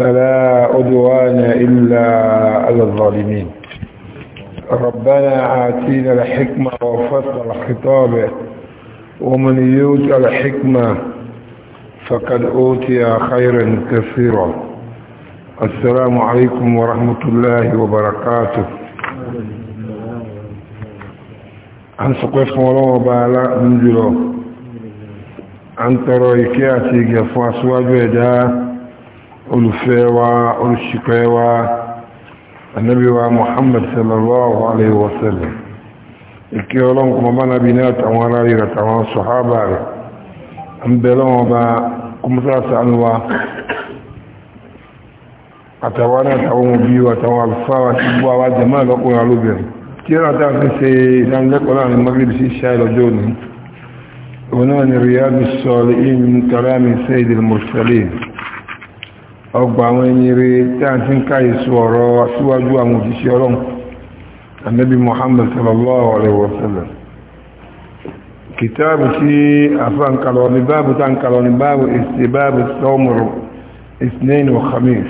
فلا عدوان إلا على الظالمين ربنا آتينا الحكمة وفصل الخطاب ومن يوت الحكمة فقد أوتي خيرا كثيرا السلام عليكم ورحمة الله وبركاته أنا سقف ولو بالا نجلو عن ترى قفوا قفاص وجاه olùfẹ́ wa olùṣìpẹ̀ wa ànábì wa Muhammad sallallahu alayhi wa sallam ìkẹ́ ọlọ́run kọmọ bá nábi ní àtàwọn aráyè àtàwọn sọ̀hábà rẹ̀ ń bẹ lọ́wọ́ bá kọmọsáàsà ànúwa àtàwọn àtàwọn òbí wa àtàwọn alfáà àti gbọ́ àwọn jẹ́mọ́ àlọ́kùnrin alóbìnrin tí ọgbà àwọn ẹni rẹ̀ tí a ti ń ká èso ọ̀rọ̀ síwájú àwọn òṣìṣẹ́ ọlọ́run annabi muhammad sallallahu alaihi wasallam kìtàbù tí afá ń kalọ̀ ní báàbù tá ń kalọ̀ ní báàbù ìsì báàbù sọ́mùrù isnain wa khamis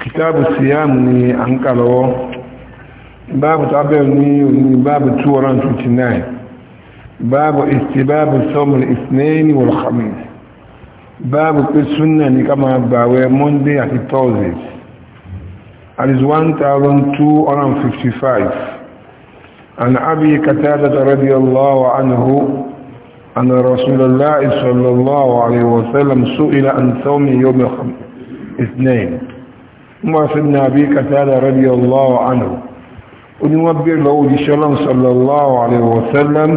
kìtàbù siyam ni a ń kalọ̀ báàbù tábẹ̀ ní òní báàbù 229 báàbù ìsì báàbù sọ́mùrù isnain wa báàbù pé súnà ní ká máa gbàwẹ̀ monday àti thursday àdìs 1255 عن أبي كتادة رضي الله عنه أن رسول الله صلى الله عليه وسلم سئل عن صوم يوم اثنين وصلنا أبي كتادة رضي الله عنه oníwọ́bẹ̀ lọ́wọ́ òjíṣẹ́ ọlọ́run sallallahu alaihi wasallam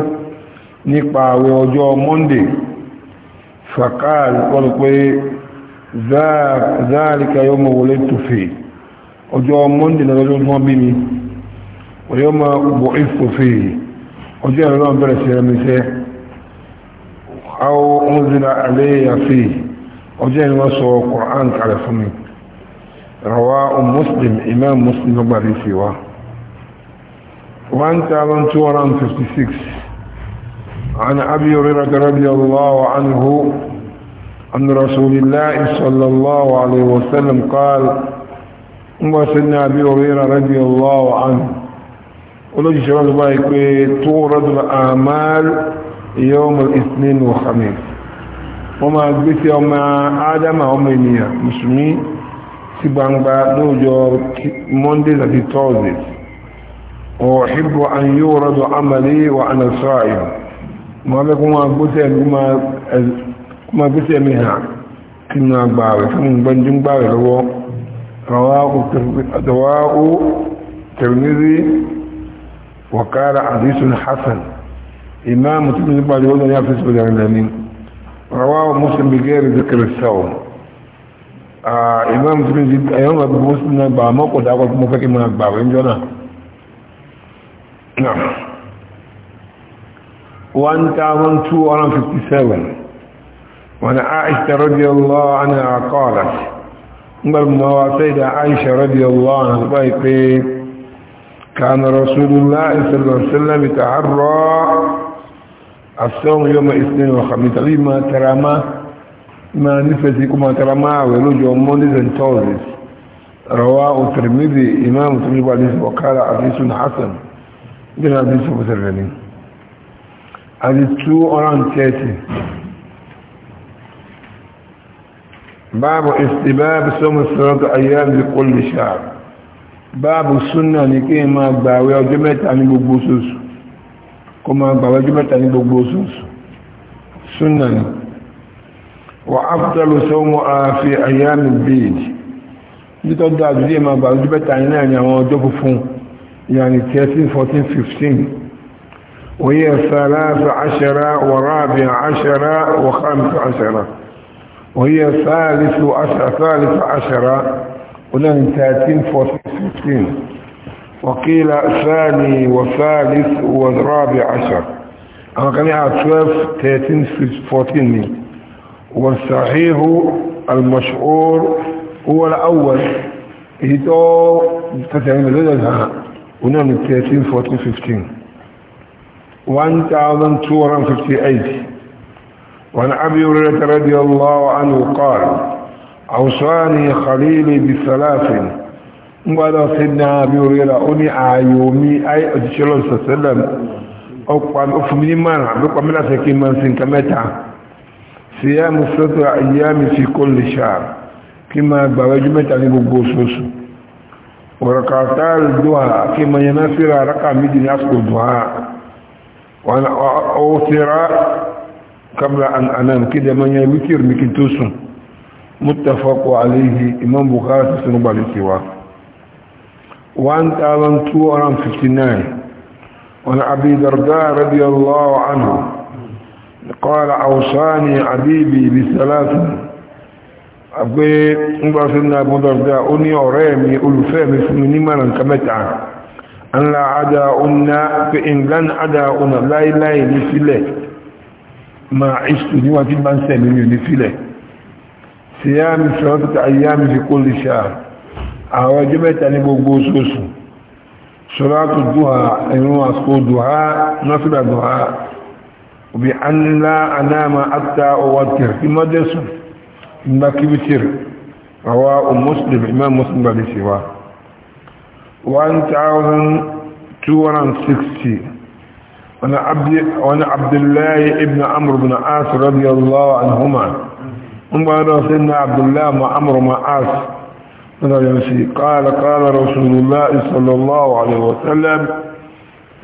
nípa àwẹ̀ ọjọ́ monday فقال ولقي ذلك يوم ولدت فيه ọjọ́ mọ́ndì na lọ́jọ́ tó wọ́n bí mi ọjọ́ ma bọ̀ ìfò fèèrè ọjọ́ ìrìn náà bẹ̀rẹ̀ sí ẹ̀mí sẹ́ àwọn oúnjẹ́ra àléyà fèèrè ọjọ́ ìrìn wọ́n sọ Qur'an kalẹ̀ fún mi rawa o muslim imam muslim gbàrí fèwà 1256 عن أبي هريرة رضي الله عنه عن رسول الله صلى الله عليه وسلم قال وسيدنا أبي هريرة رضي الله عنه ولدي شباب يكوي تورد الأعمال يوم الاثنين والخميس وما أجبت يوم آدم هم إنيا مسلمين سبانبا نوجور موندي ذاتي توزيز وأحب أن يورد عملي وأنا صائم wọ́n bẹ́ kó máa gbóṣẹ́ máa gbóṣẹ́ mi hàn kí ní àgbà rẹ̀ fún gbọ́njú gbà rẹ̀ lọ́wọ́ rawahu tirmidhi wa qala hadithun hasan imam muslim nípa ìwé lọ́nà yà fẹ́sọ̀ rẹ̀ lẹ́ni rawahu muslim bi ghairi dhikri as-sawm imam muslim ti ẹ̀yọ́n àti muslim náà gbà mọ́kọ̀dá kọ́ fún mọ́fẹ́kì máa gbà 1257 وعن عائشة رضي الله عنها قالت بل مواسيد عائشة رضي الله عنها بيقي كان رسول الله صلى الله عليه وسلم يتعرى الصوم يوم الاثنين والخميس لما ترمى ما نفسكما ترمى ولوجه مونيز توزيس رواه الترمذي امام الترمذي وقال حديث حسن بن حديث مسلمين àti 230 báàbù ìsìbáàbù sọ́mù sọ́rọ̀tọ̀ ayyáàbì kọlù sáà báàbù súnà ní kí ma gbàwẹ̀ ọjọ́ mẹ́ta ní gbogbo oṣooṣù kó ma gbàwẹ̀ ọjọ́ mẹ́ta ní gbogbo oṣooṣù súnà ní wà áfítàlù sọ́mù ààfẹ́ ayyáàbì bèèdì nítọ́ dáadìí ma gbàwẹ̀ ọjọ́ mẹ́ta ní àwọn ọjọ́ 13 14 15 وهي ثلاث عشرة ورابع عشرة وخامس عشرة وهي ثالث عشرة ثالث عشرة ولن تاتين فوتين وقيل ثاني وثالث ورابع عشر أما كان يعني 12 تاتين 14 والصحيح المشعور هو الأول إذا تتعلم لديها ونعم 13 14 15 1258 وعن أبي هريرة رضي الله عنه قال أوصاني خليلي بثلاث وقال سيدنا أبي هريرة أني أعيومي أي أتشلون صلى الله عليه وسلم أقوم أفمني مانا بقوم لا سكين من سنك متع صيام ستة أيام في كل شهر كما بواجمة عن وركعتا الدعاء كما ينافر ركع مدين أسكو وانا اوتر قبل ان انام كده من يوتر مكنتوسن متفق عليه امام بخاري سنن بالسوا 1259 وانا ابي درداء رضي الله عنه قال اوصاني عبيبي بثلاث أبي مبارسنا أبو درداء أني أرامي ألفامي فمني مالا كمتعا an la ada una pe in lan ada una láíláí ní sílẹ̀ ma istu ni wa fi ba n sẹmi mi ní sílẹ̀ siyami sọ́tọ̀ ayyami fi kó lè ṣá àwọn ọjọ́ mẹ́ta ní gbogbo oṣooṣù sọ́látù duha ẹ̀rùn àsìkò duha nọ́sílà duha òbí an lá anáma àtà ọwọ́ tìrì tí mọ́dẹ́sùn ìgbà kíbi tìrì àwọn muslim imam muslim bá lè ṣe 1260 وانا عبد الله ابن عمرو بن عاص رضي الله عنهما وما سيدنا عبد الله ما عمرو ما عاص قال قال رسول الله صلى الله عليه وسلم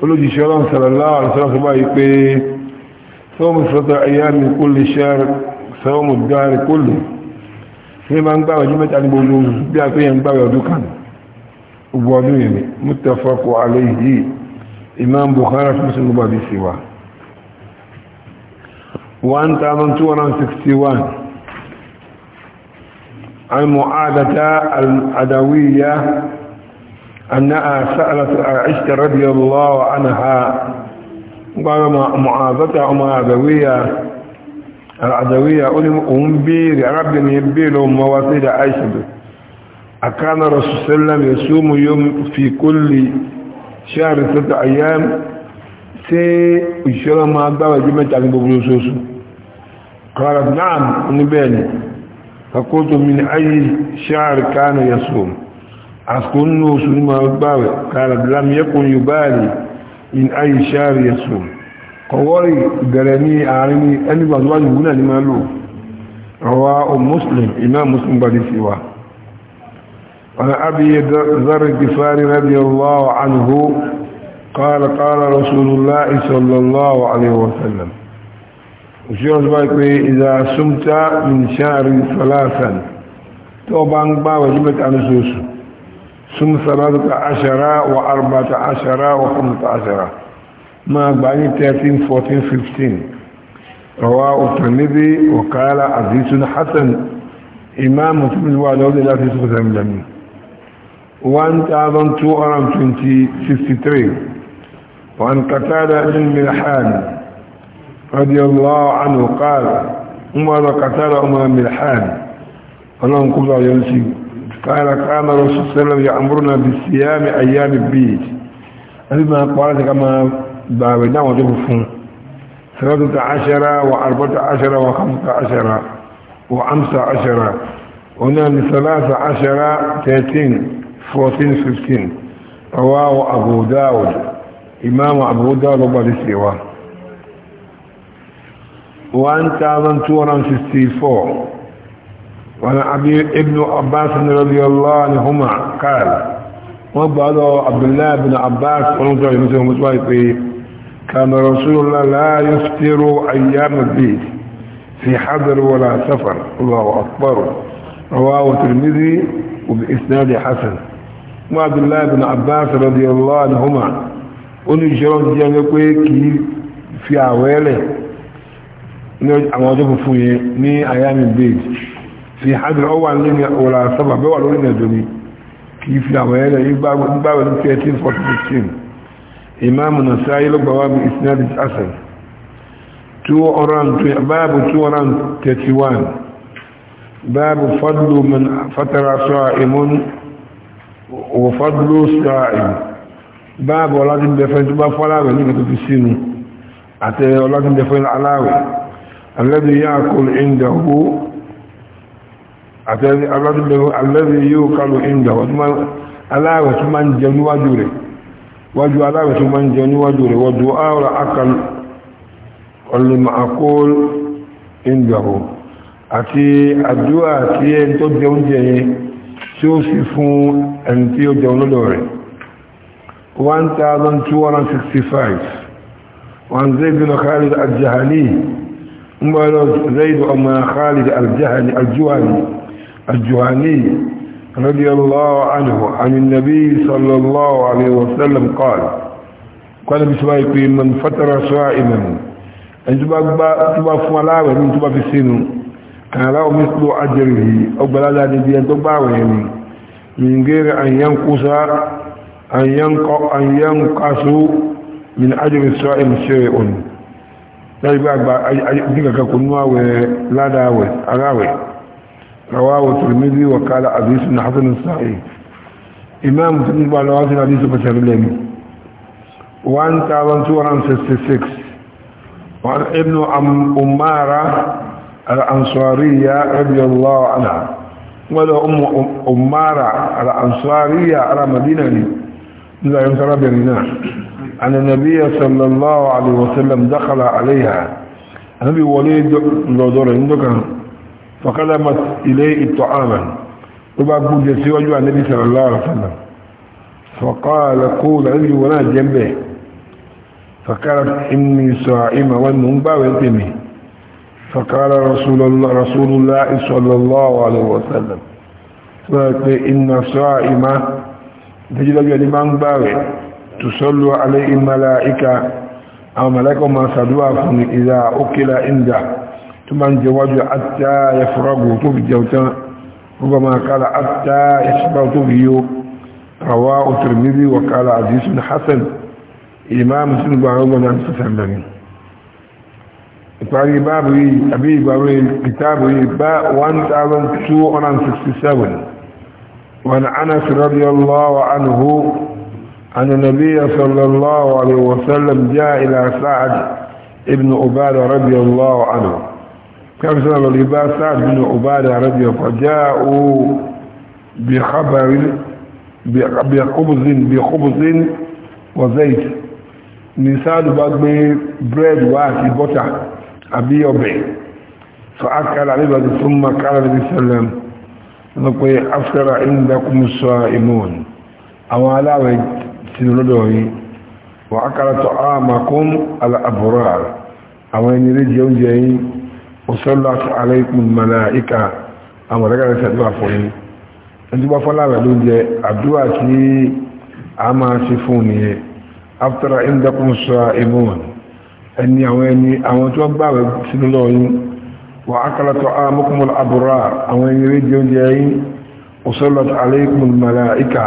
olójì ṣọ́lọ́n sàrànláwà àrùsọ́lọ́sọ́ báyìí pé sọ́ọ̀mù sọ́tọ̀ ayyámi kó lè ṣẹ́rẹ̀ sọ́ọ̀mù dáre kó lè ní ma ń gbáwẹ̀ ní mẹ́ta ní gbogbo bí a tó yẹn وبنيني متفق عليه إمام بخاري في مسلم بابي سواه وأنت أمنت وران عن المعادة العدوية أنها سألت عائشة رضي الله عنها قال معاذتها معاذوية العدوية أولي أمبير رب يبير مواسيد عائشة أكان رسول صلى الله عليه وسلم يصوم يوم في كل شهر ستة أيام سي إشارة ما أدوى جمعة عن ببلوسوس قالت نعم نبالي فقلت من أي شهر كان يصوم أسكنه سنما أدوى قالت لم يكن يبالي من أي شهر يصوم قولي قراني أعلمي أني بأزواج هنا لما له رواه مسلم إمام مسلم بدي سواه عن أبي ذر الجفاري رضي الله عنه قال قال رسول الله صلى الله عليه وسلم وشيوش باكري إذا سمت من شهر ثلاثا توبان باوة جبت عن سوس سم ثلاثة عشرة وأربعة عشرة وخمسة عشرة ما بعني 13 14 15 رواه الترمذي وقال عزيز حسن إمام مسلم وعلى لا تسقط من جميل 1263 وعن قتادة بن ملحان رضي الله عنه قال عمر قتادة عمر ملحان اللهم قبل ينسي قال قام رسول الله صلى الله عليه وسلم يأمرنا بالصيام أيام البيت أما قالت كما بابنا نعم، وجبفون ثلاثة عشرة وأربعة عشرة وخمسة عشرة وخمسة عشرة هنا ثلاثة عشرة ثلاثين 1415 رواه أبو داود إمام أبو داود وبعد سواه وعن 1264 وعن أبي ابن عباس رضي الله عنهما قال وبعد عبد الله بن عباس ونظر مثل متوائفه كان رسول الله لا يفتر أيام البيت في حضر ولا سفر الله أكبر رواه الترمذي وبإسناد حسن mú abdullahi bin abbas radiyallahu anhuma ó ní ti jẹ́ pé kì í fi àwẹ́lẹ̀ ní àwọn ọjọ́ funfun yẹn ní ayami bay fi hajjira ó nínú ọ̀la sábà bẹ́wà lórí ẹ̀dọ́ ni kì í fi àwẹ́lẹ̀ gbáwẹ̀ 13 14 imam òfàdúró sáàì báàbọ̀ ọlájúndẹ̀fẹ́ tó bá fọ́láwẹ̀ nígbà tó fi sínú àtẹ ọlájúndẹ̀fẹ́ aláwẹ̀ alẹ́bí yá kọlu ìndàwó àtẹ ọlájúndẹ̀fẹ́ alẹ́bí yóò kọlu ìndàwó aláwẹ̀ tó máa ń jẹ níwájú rẹ̀ wájú aláwẹ̀ tó máa ń jẹ níwájú rẹ̀ wọ́dù áwọ̀ akal ọlùmọ̀ àkóòl ìndàwó àti àdúrà tí ẹ ń tó jẹ oúnjẹ tí ó sì fún ẹni tí ó jẹun lọ́dọ̀ rẹ̀ 1265 wọn zai bin khalid al-jahani ń bọ́ lọ zai ọmọ khalid al-jahani al-juhani رضي الله عنه عن النبي صلى الله عليه وسلم قال قال بسوائك من فتر صائما أن تبقى فملاوة من تبقى في السنو kàrà omi tó ajẹ́rì yìí ọgbàládà níbi ẹni tó gbáwẹ̀ ẹni min gẹ́rẹ àyẹ́nkúsá àyẹ́nkásó min ajẹ́rì sọ ẹmṣẹ́ òní lẹ́gbẹ́ àgbà díkàkà kò níwà wẹ̀ ládàwẹ̀ aráwẹ̀ rawawo turmizi wa kala abisu na hasan sa'i imam tun ba lawa sun abisu ba tare 1266 wa ibnu umara الأنصارية رضي الله عنها ولا أم أمارة الأنصارية على مدينة لا ينكر بيننا أن النبي صلى الله عليه وسلم دخل عليها النبي وليد لدور عندك فقدمت إليه الطعام وبعد جسي وجوع النبي صلى الله عليه وسلم فقال قول عندي ولا جنبه فقالت إني صائمة وأنهم باوي فقال رسول الله رسول الله صلى الله عليه وسلم إن صائمة تجد الإمام باوي تصلوا عليه الملائكة أو ملائكة ما صدوا إذا أكل عنده ثم جواج حتى يفرغ الجوتاء ربما قال حتى يشبعوا تبجو رواه الترمذي وقال عزيز حسن إمام سنبه عمنا سفهمني ìparí báàbù yìí àbí ìgbàwé kìtàbù yìí bá 1267 wọn anas radiyallahu anhu أن النبي صلى الله عليه وسلم جاء إلى سعد ابن عبادة رضي الله عنه كم سنة لباس سعد بن عبادة رضي الله فجاءوا بخبر بخبز بخبز وزيت ni sáàdù bá gbé bread wá àti butter àbí ọbẹ̀ so akala nígbà tí fún makala níbi sẹlẹm wọn pe afẹ́ra ìndakùn sọ ìmọ̀n àwọn aláwẹ̀ ti lọ́dọ̀ yìí wọ́n akala tó a makún aláàbúrà àwọn ẹni rí jẹun jẹ yìí òṣèlú àti aláìkùn màláìka àwọn ọ̀dẹ́gàrẹ́ afẹ́ra ìndakùn sọ ẹni àwọn ẹni àwọn tó gbàwẹ̀ sínú lọ yìí wà ákàlátọ̀ àmọ́kùnmọ̀ àbúrà àwọn ẹni rédíò jẹ́ yìí òṣèlọ́tọ̀ aléìkùn màláìkà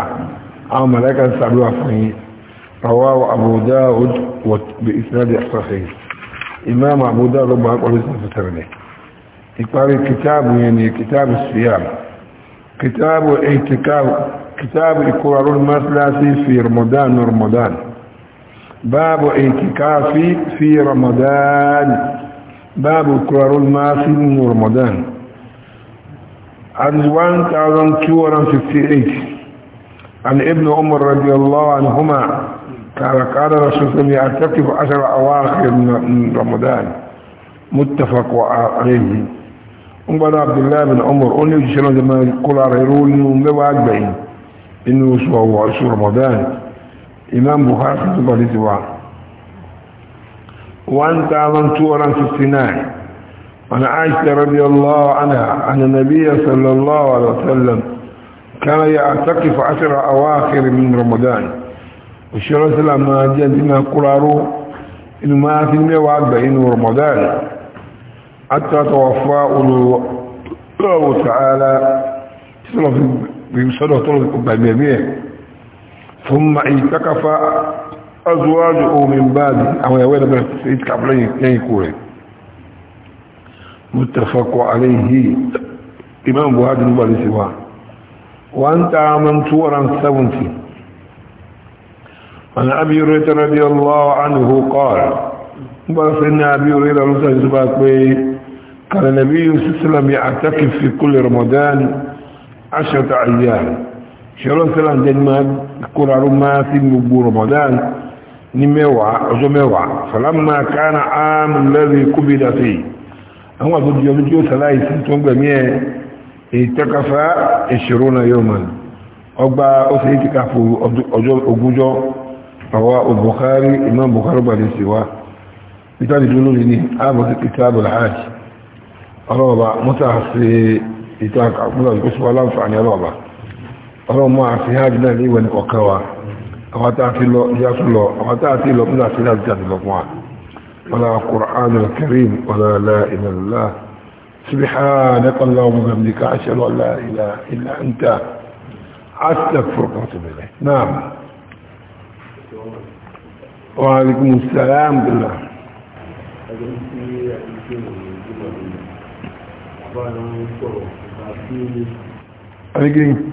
àwọn màláìkà sàdúwà fún yìí rọwà àbúdá wọ̀tí ìsinadì àṣọ́fẹ́ imam àbúdá lọ́gbà pọ̀lú sàfẹ́tẹ̀rẹ̀ ìparí kìtàbù yẹn ni kìtàbù siyam kìtàbù ìkúrarún masalasi fi ramadan ramadan باب اعتكاف في رمضان باب قرار الماسي من رمضان عن 1258 عن ابن عمر رضي الله عنهما قال قال رسول الله يعتكف عشر اواخر من رمضان متفق عليه عمر عبد الله بن عمر أن يجسنا لما يقول على رسول الله مواجبين إنه سوى رمضان imam buhari tó bọ̀lì ti wá 1259 wani aisha radiyallahu anha ana nabiya sallallahu alaihi wasallam kana ya atakifu ashira awakhir min ramadan òṣèré sílá máa jẹ́ tí máa kúrarú inú máa fi mẹ́wàá gbẹ̀ inú ramadan àtàtàwà fún olùwọ̀ tààlà tí sọ́dọ̀ tó gbàgbẹ̀mí ẹ̀ ثم اعتكف أزواجه من بعد أو يوين بس اعتكف لن يكون متفق عليه إمام بهاد المبالي سواه وأنت من صور سونتي عن أبي هريرة رضي الله عنه قال بس إن أبي هريرة رضي الله عنه قال النبي صلى الله عليه وسلم يعتكف في كل رمضان عشرة أيام شلون سلام دين kóraró máa sí gbogbo Ramadan ní mẹ́wàá ọjọ́ mẹ́wàá sàlámà kánà áàmù lẹ́rìí kúbìdà sí àwọn àtúntò ọdún sala sàláì sí tó ń gbẹ̀mí ẹ̀ ìtẹ́kafá ìṣòro náà yóò mọ̀ ọgbà ó sì ti káfò ọjọ́ ogúnjọ́ àwọn Bukhari Imam Bukhari gbàdé sí wa ìtàdì tó lórí ní ààbòsí kìtàbù al-hajj ọlọ́ọ̀bà mọ́ta sí ìtàkà mọ́ta sí kó sí ọlọ́mọ àti hajj náà ní ìwẹ̀ ọ̀kẹ́ wa àwọn tá a ti lọ ìyá tó lọ àwọn tá a ti lọ bí náà ti náà jáde lọ fún wa wala qur'an al-karim wala la ilaha illa subhanaka allahumma wa bihamdika ashhadu an la ilaha illa anta astaghfiruka wa atubu ilayk naam wa alaykum assalam billah Thank you.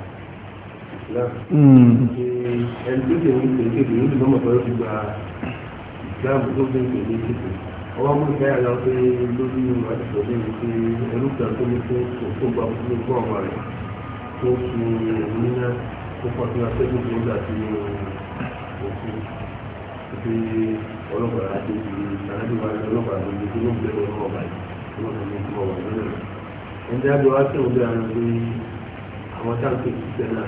islam hmm. ẹni tó tẹ̀lé kékeré yóò lọ́mọ tó ti gba islam tó tẹ̀lé kékeré kékeré ọwọ́ mú ìfẹ́ àlọ́ pé lórí ìwádìí tó lé ní pé ẹrú kan tó ní pé tó gba fún fún ọmọ rẹ̀ tó fi ẹ̀mí náà tó pọ̀ sí atẹ́gùn tó ń gbà sí òkú pé ọlọ́pàá àti ìsàlẹ́dìwà ọlọ́pàá ló ní kí ló ń bẹ̀rẹ̀ ọmọ ọba yìí tí wọ́n fi ní kí wọ́n wà lọ́nà. ẹni tí a bí wá sí òun bí ara pé àwọn táǹkì ìṣiṣẹ́ náà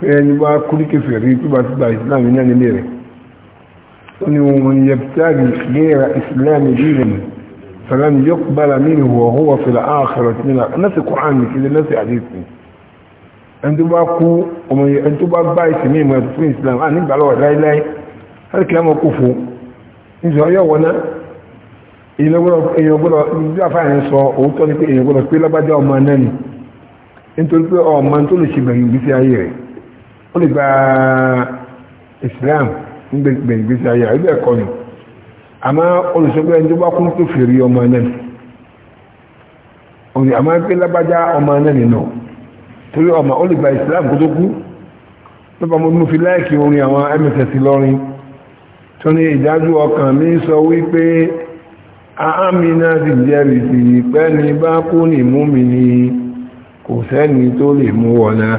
pé ẹni wá kúrí kẹfẹ́ rí tó bá ti gba islam iná nílé rẹ̀ ó ní wọn yẹ pẹ́ẹ́rì gẹ́ra islam dínà فلن يقبل منه وهو في الآخرة من الناس القرآن كده الناس حديثي ẹni bá kú ọmọ ẹni tó bá bá ìsìnmí ìmọ̀ ẹ̀tọ́ fún islam a nígbà lọ́wọ́ láíláí hálìkì àmọ́ kò fún nítorí ọyọ́ wọná èèyàn gbọ́dọ̀ bí àfáàyàn sọ òótọ́ ni pé èèyàn gbọ́dọ̀ pé lábájá ọmọ náà ó lè gba islam gbẹ̀gbẹ̀gbẹ̀sí ayé àríbẹ̀ ẹ̀kọ́ ni àmá olùsọgbẹ́ ẹni tó bá kún tó fèrè ọmọ náà òní àmá pé lábájá ọmọ náà torí ọmọ ó lè gba islam kó tó kú lọ́pàá mo fi láìkí orin àwọn mss lọ́rin tó ní ìdájú ọkàn mi sọ wípé àmìnà ti jẹ́rìí sí pẹ́ni bá kú ní mú mi ni kò sẹ́ni tó lè mú wọ́n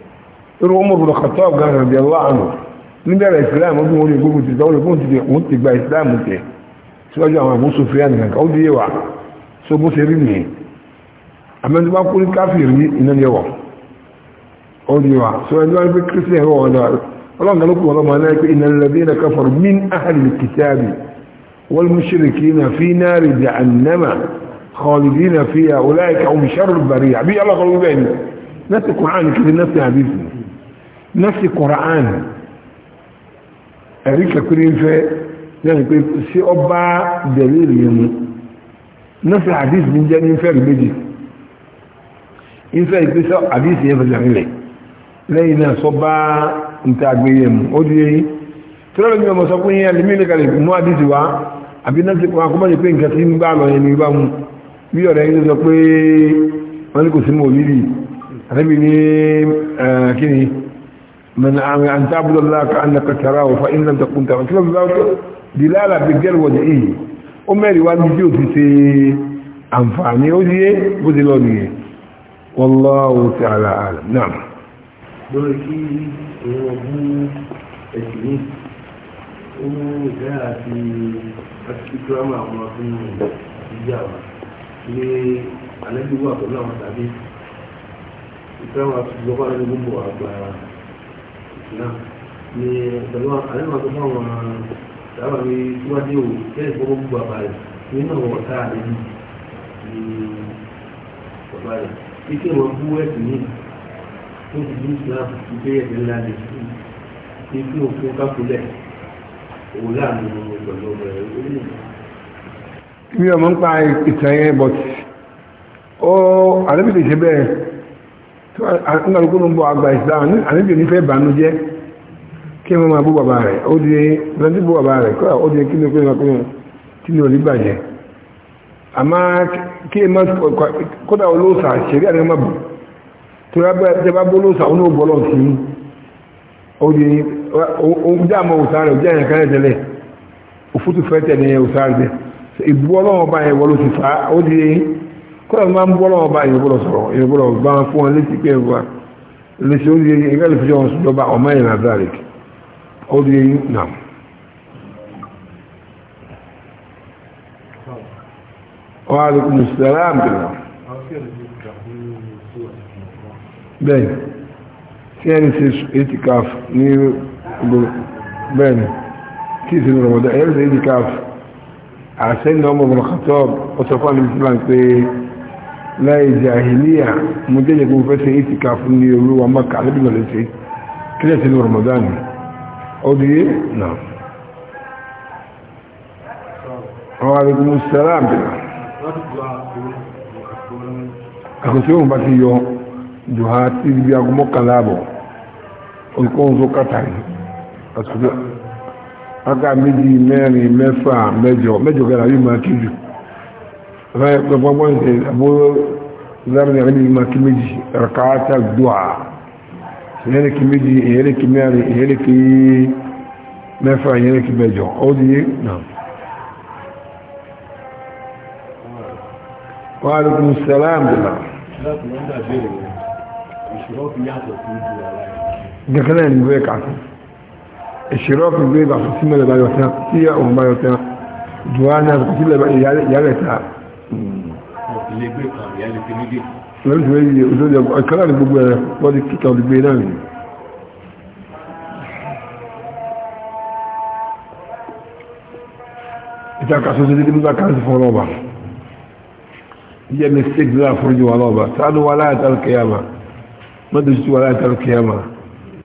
irú Umar bin Khattab gan radiyallahu anhu níbẹ̀rẹ̀ islam ọdún orí gbogbo ti sọ́wọ́n lókun ti wọ́n ti gba islam tẹ̀ síwájú àwọn Abu Sufyan nìkan ó díye wà so bó ṣe rí nìyẹn àmẹ́ni bá kú ní káfíìrì ní iná ní ẹwọ̀ ó díye wà so ẹni wá ní pé christian ẹwọ̀ wọn dára ọlọ́run ló kú wọn lọ́mọ náà pé innal ladhina kafaru min ahli kitabi wal mushrikina fi nari jahannama khalidina fiha ulaika hum sharrul bariyah àbí ọlọ́kọ̀ọ́ nọ́ọ̀sì Qur'an ẹ̀rí kẹkùrí ń fẹ́ lẹ́nu pé sí ọba bẹ̀rẹ̀ ìrìn mu nọ́ọ̀sì ní jẹ́ ní fẹ́ rí méjì ìfẹ́ ìpèsè hadith yẹn fẹ́ lẹ́rìnlẹ̀ lẹ́yìn náà sọ bá nta agbèrè mu ó di yẹn tí wọ́n lè mọ̀ mú hadith wa àbí nọ́ọ̀sì kan akọ́mọ́ yẹn pé nǹkan tí ń bá lọ yẹn bá bí ọ̀rẹ́ sọ pé wọ́n ní kò sí mọ̀ òbí àtẹ́bí ní من أن تعبد الله كأنك تراه فإن لم تكن تراه كلام الله دلالة بالجل وجهه أمري وأن يجيو في أنفعني وجهه وذلوني والله تعالى أعلم نعم Ìgbà wọn àti ìjọba ẹni gbogbo àgbà náà ni tó fún àwọn sábà ní síwájú òwò kẹ́lẹ̀ fọwọ́ gbogbo àbàlẹ̀ nínú àwọn ọ̀tá rẹ̀ ní ọ̀bá rẹ̀ ike wọn bú ẹ̀sìn ní tó ti ní Islam ìgbé ẹ̀sìn ńlá ní ike òkú kákulẹ̀ òwò ọgbọ̀n bọ̀ àgbà islam àníbì nífẹ́ ìbànújẹ́ kí wọ́n máa bú bàbá rẹ̀ ó di rántí bú bàbá rẹ̀ kọ́ ó di kí ní pé ọkùnrin tí ní orí bàjẹ́ àmá kí ẹ má kódà olóòsà ṣeré àti ọmọ bù tó rábẹ́ bó lóòsà ó ní ó bọ́lọ̀ sí ó di kọ́lá máa ń bọ́ lọ́wọ́ bá ìyẹ̀bọ́lọ̀ sọ̀rọ̀ ìyẹ̀bọ́lọ̀ bá fún wọn létí pé wa lèṣe ó di ẹgbẹ́ lè fi jọ wọn sọ̀dọ̀ba ọmọ ẹ̀yìn nazaric ó di ẹyìn nà. wa alaikum salaam bìlá. bẹ́ẹ̀ tí ẹni ṣe etikaf ní bẹ́ẹ̀ ni kí ìsinmi rọ̀mọdọ́ ẹni ṣe etikaf àṣẹ ìnáwó mọ̀mọ́ kàtọ́ ọ̀sọ̀fọ́ àmì ìsìlá láì jàhìlíyà mo jẹ́jẹ́ kó fẹ́ ṣe ìtìká fún ní olúwa maka alẹ́bìnà lè ṣe kílẹ̀ sínú Ramadan ọdíyé náà àwọn arìnrìn sẹ́ràn àkùsí òun bá ti yọ jùhá tí ibi agumọ́ kaláàbọ̀ òkúrùn tó kàtàrí àtúgbà aka méjì mẹ́rin mẹ́fà mẹ́jọ mẹ́jọ gẹ́ra yìí máa kí jù gbogbo abu zarni ali ma kimiji rakata du'a yele kimiji yele kimari yele ki mẹ́fà yele ki mẹ́jọ o di na wa alaikum salam bila gẹ́gẹ́lẹ́ ni gbé kàtí ìṣirọ́pù gbé bàtí símẹ́lẹ̀ bá yọ̀tá tí ọmọ bá yọ̀tá duwa náà bàtí sílẹ̀ bá yálẹ̀ta lọ́rọ̀ ìwé òṣèlú ọ̀kọ́lá ní gbogbo ẹ̀rẹ̀ wọ́n ti kíkà olùgbé náà nìyí ìtàkà sọ́sọ́ títí nígbà káàsì fún ọlọ́ọ̀bà jẹ́ mistake náà fún ìjọba ọlọ́ọ̀bà sáàdù wà láàtàlù kẹyàmà mọ́tò sí wà láàtàlù kẹyàmà